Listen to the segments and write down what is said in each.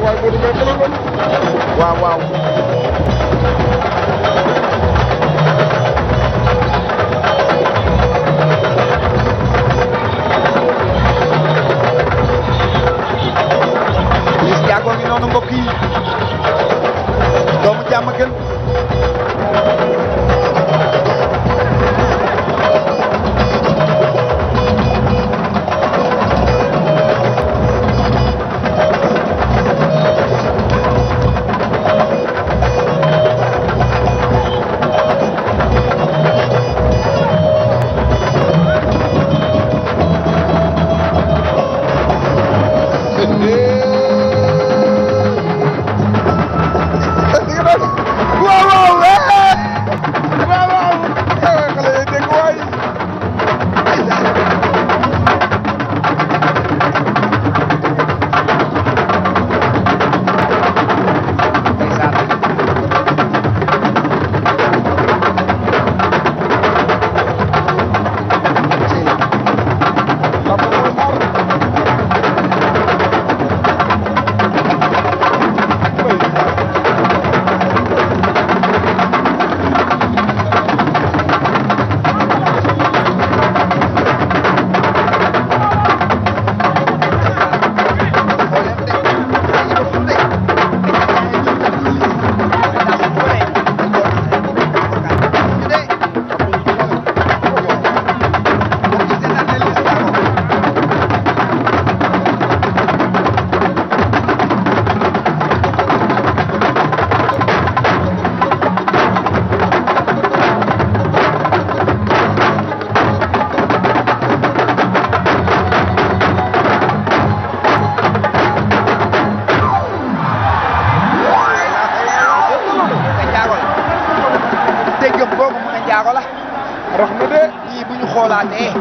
waay waay waaw waaw xalaatee.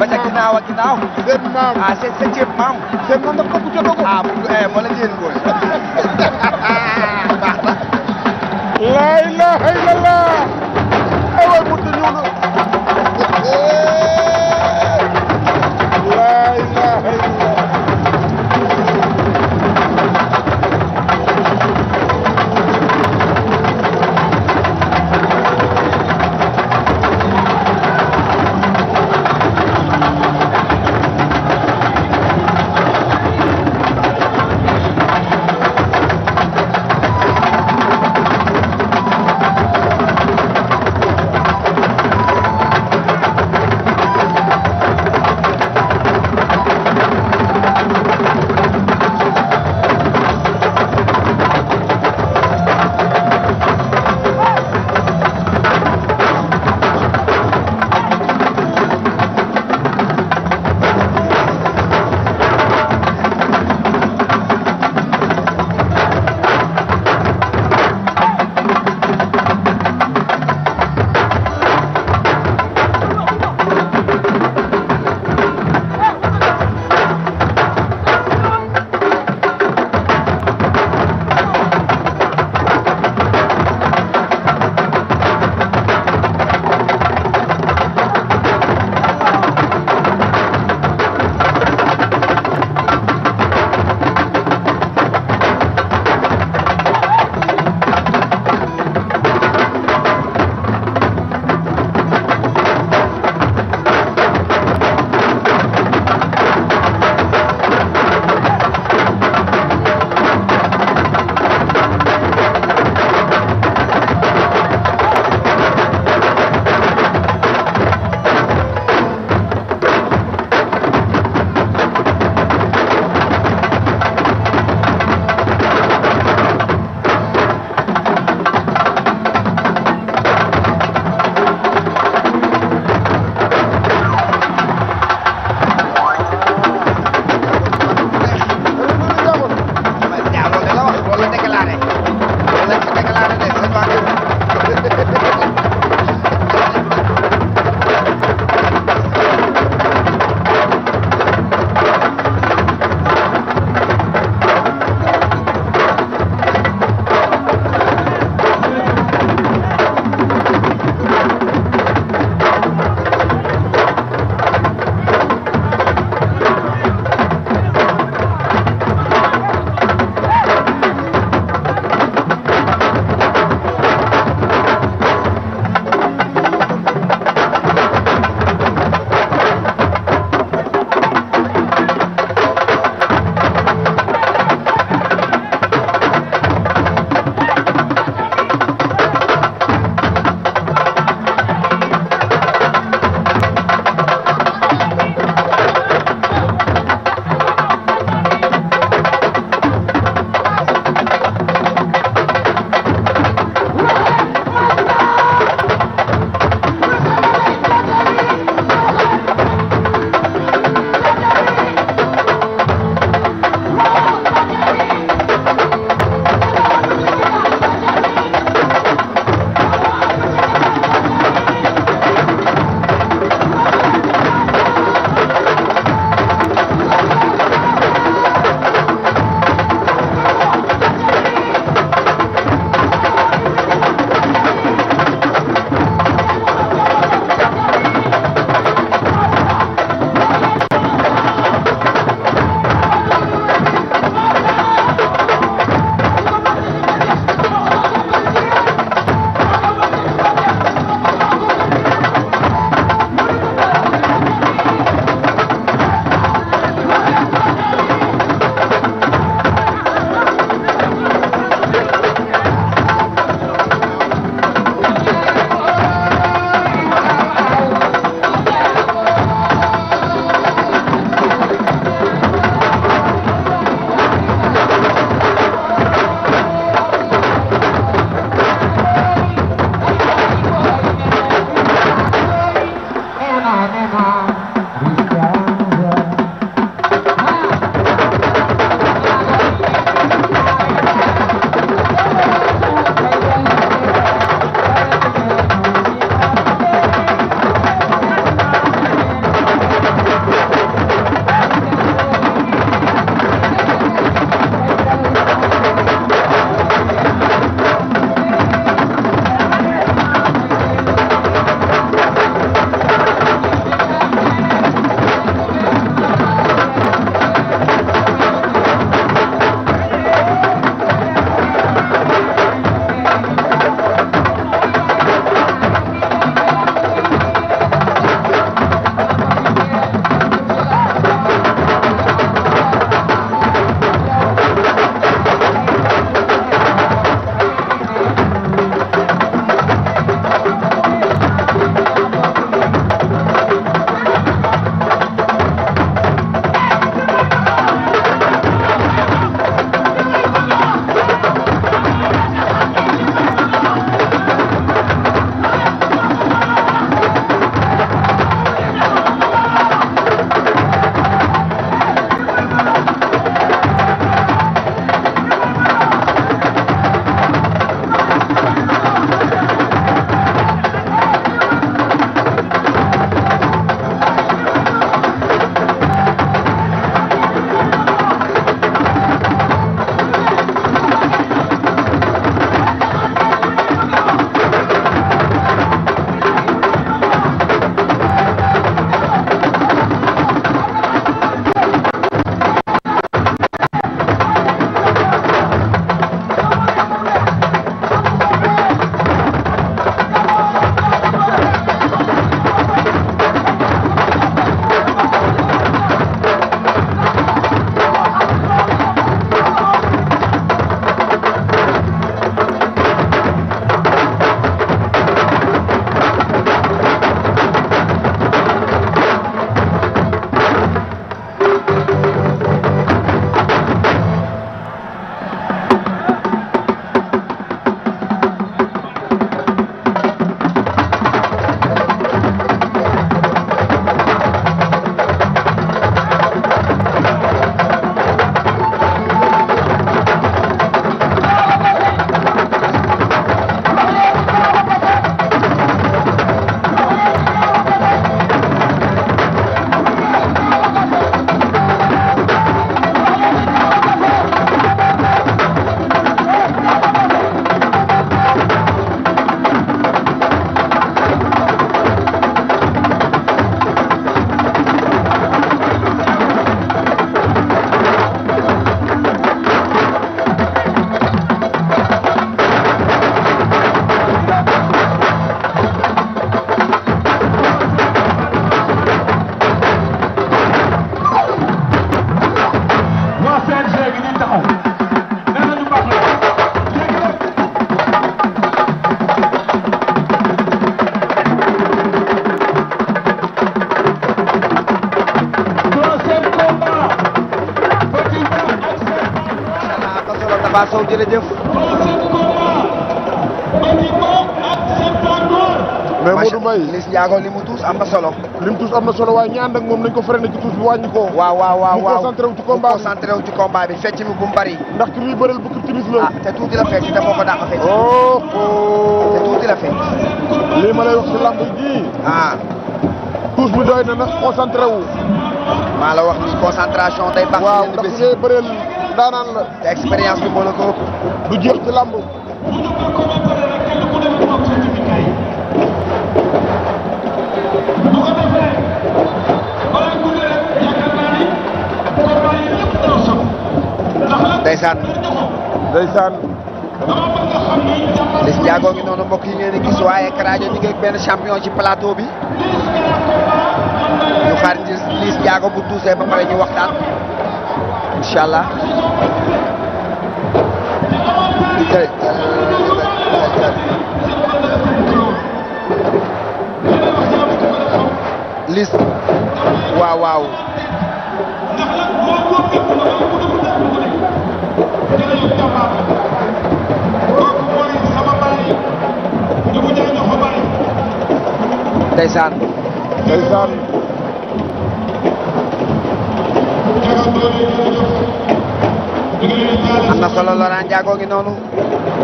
ba ca ginnaaw ak ginnaaw. seen maam ah seen septième maam. seen maam dafa ko bu jotoo ko. ah bu eh wala njëriñ booy. Papa Sow jërëjëf. mais Modou Mbaye Liss Ndiago li mu tuus am na solo. li mu tuus am na solo waaye ñaan nag moom nañ ko freiné ci tuus bi wàññi ko. waaw waaw waaw mu concentré wu ci combat bi mu concentré wu ci combat bi fecc mi bu mu bëri. ndax ki muy bëreel bëgg timis la. ah te tuuti la fecc te foo ko dàq fecc. oh oh. te tuuti la fecc. lii ma lay wax si lamb ji. ah. tuus bi doy na nag concentré wu. maa la wax ni concentration day. baax ci yenn bés waaw ndax bëreel. ndaanaan la te expérience bi moo la ko du jeex ci làmb ndeysaan ndeysaan Liss Ndiago ngi noonu mbokk yi ngeen di gis waaye Karajo ñu ngi ak benn champion ci plateau bi ñu xaar Liss Ndiago bu tuusee ba pare ñu waxtaan incha allah list waaw waaw ndeysaan ndeysaan am na solo Laurent Ndiago ngi noonu.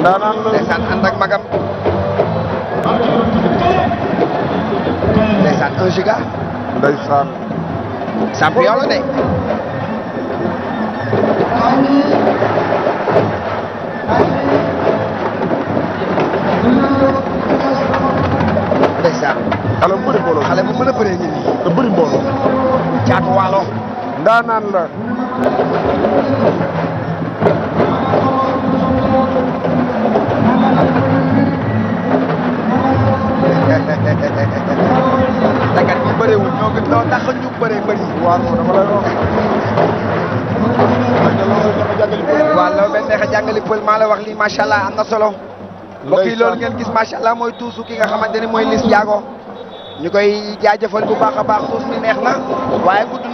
ndaanaan la ndeysaan ànd ak magam. ndeysaan un giga. ndeysaan. champion la de. ndeysaan. xale bu bëri mbooloo xale bu mën a bëree ngi nii. te bëri mbooloo. caatu la. neex a jàngali pël maa la wax li macha allah am na solo. mbokk yi loolu ngeen gis mooy tuusu ki nga xamante ni mooy Liss Ndiago ñu koy jaajëfal bu baax a baax suuf si neex na waaye